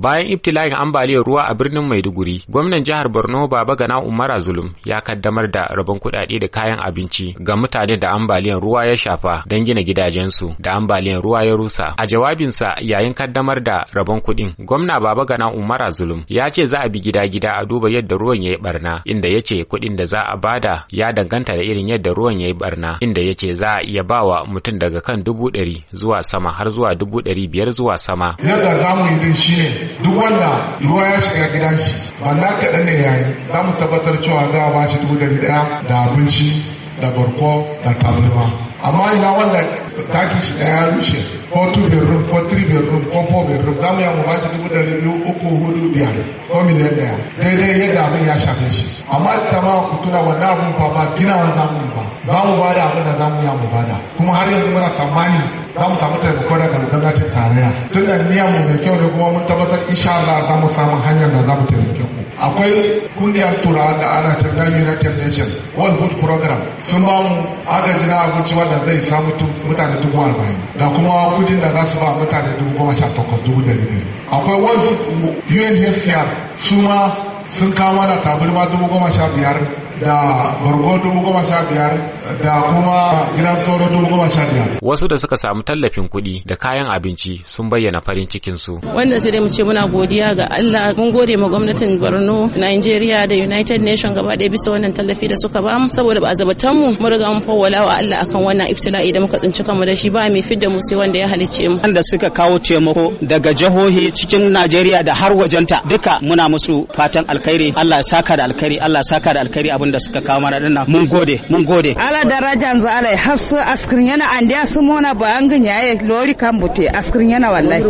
Bayan ibtila'in ambaliyar ruwa a birnin Maiduguri, gwamnan jihar Borno Baba Gana Umara Zulum ya kaddamar da rabon kudade da kayan abinci ga mutane da ambaliyar ruwa ya shafa don gina gidajensu da ambaliyar ruwa ya rusa. A jawabinsa yayin kaddamar da rabon kuɗin, gwamna Baba Gana Umara Zulum ya ce za a bi gida-gida a duba yadda ruwan ya yi barna, inda ya ce kuɗin da za a bada ya danganta da irin yadda ruwan ya yi barna, inda ya ce za a iya bawa mutum daga kan dubu ɗari zuwa sama har zuwa dubu ɗari biyar zuwa sama. Yadda za mu duk wanda ruwa ya shiga gidan shi ba na kaɗan ne yayi za mu tabbatar cewa za a ba shi dubu ɗari ɗaya da abinci da barko da tabarma amma ina wanda taki shi ɗaya ya rushe two bedroom ko three bedroom ko four bedroom za mu yamu bashi dubu ɗari biyu uku hudu biyar ko miliyan ɗaya daidai yadda abin ya shafe shi amma ta kutuna ku tuna wannan abin ba mu ba za mu bada abin da za mu yamu bada kuma har yanzu muna tsammani za mu samu taimako daga gwamnatin tarayya tun da niyya mu mai kyau ne kuma mun tabbatar insha Allah za mu samu hanyar da za mu ku akwai kungiyar turawan da ana ce na United Nations World Food Program sun ba mu agaji na abinci wanda zai samu mutane mutane dubu arba'in da kuma kudin da za su ba mutane dubu goma sha takwas dubu dari akwai world unhcr su ma sun kawo da taburma dubu goma sha da bargo dubu goma sha biyar da kuma gidan sauro dubu goma sha biyar. Wasu da suka samu tallafin kuɗi da kayan abinci sun bayyana farin cikin su. Wanda sai dai mu ce muna godiya ga Allah mun gode ma gwamnatin Borno, Nigeria da United Nation gaba ɗaya bisa wannan tallafi da suka ba saboda ba zabatan mu mun riga mun fawwala wa Allah akan wannan iftila'i da muka tsinci kanmu da shi ba mai fidda mu sai wanda ya halicce mu. Wanda suka kawo taimako daga jihohi cikin Najeriya da har wajenta duka muna musu fatan al alkhairi Allah saka da alkhairi Allah saka da alkhairi abin da suka kawo mana dinnan mun gode mun gode ala darajan za alai hafsu askrin yana andiya su mona ba an ganya yayi lori kan bute askrin yana wallahi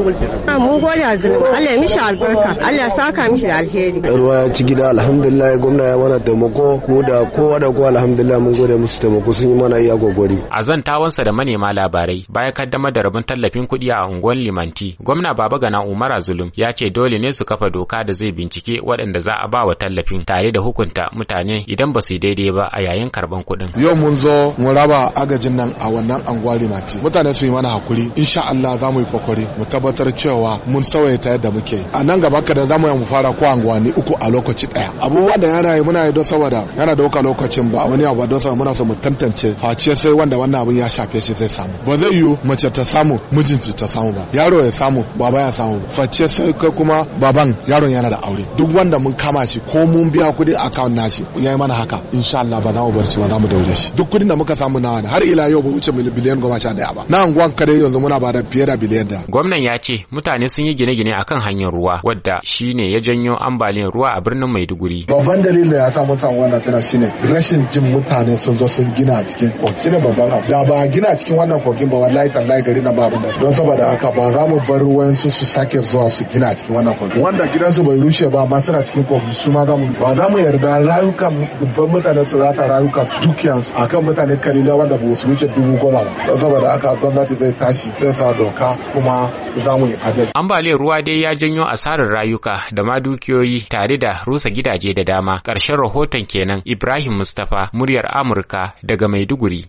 ah, mun gode Allah ya mishi albarka Allah ya saka mishi da alheri ruwa ya ci gida alhamdulillah gwamna ya mana taimako ko da kowa da kowa alhamdulillah mun gode musu taimako sun yi mana iya gogori a zantawansa da manema labarai bayan kaddamar da rabin tallafin kuɗi a unguwar limanti gwamna baba gana umara zulum ya ce dole ne su kafa doka da zai bincike waɗanda za a ba wa tallafin tare da hukunta mutane idan ba su daidai ba a yayin karban kuɗin. Yau mun zo mu raba agajin nan a wannan angwari mati. Mutane su yi mana hakuri insha Allah za mu yi kokari mu tabbatar cewa mun sauya ta yadda muke. A nan gaba kada za mu yi mu fara ko angwani uku a lokaci daya. Abubuwan da yana yi muna yi don saboda yana dauka lokacin ba wani abu don saboda muna so mu tantance face sai wanda wannan abin ya shafe shi zai samu. Ba zai yiwu mace ta samu mijinci ta samu ba. Yaro ya samu baba ya samu face sai kai kuma baban yaron yana da aure. Duk wanda mun ka kama shi ko mun biya kudin account nashi yi mana haka insha Allah ba za mu bar shi ba za mu daure shi duk kudin da muka samu na wani har ila yau ba wuce biliyan goma sha daya ba na anguwan kare yanzu muna ba da fiye da biliyan da gwamnan ya ce mutane sun yi gine-gine akan hanyar ruwa wadda shine ya janyo ambaliyar ruwa a birnin Maiduguri babban dalilin da ya sa mun samu wannan tana shine rashin jin mutane sun zo sun gina cikin kogi ne babban abu da ba gina cikin wannan kogin ba wallahi tallahi gari na babu da don saboda haka ba za mu bar wayansu su sake zuwa su gina cikin wannan kogin wanda gidansu bai rushe ba amma suna cikin kogin mu su ma zamu ba za mu yarda rayukan dubban mutane su rasa rayuka dukiyansu kan mutane kalila wanda ba su wuce dubu goma ba saboda aka gwamnati zai tashi zai sa doka kuma za mu yi adalci. ambaliyar ruwa dai ya janyo asarar rayuka da ma dukiyoyi tare da rusa gidaje da dama ƙarshen rahoton kenan ibrahim mustapha muryar amurka daga maiduguri.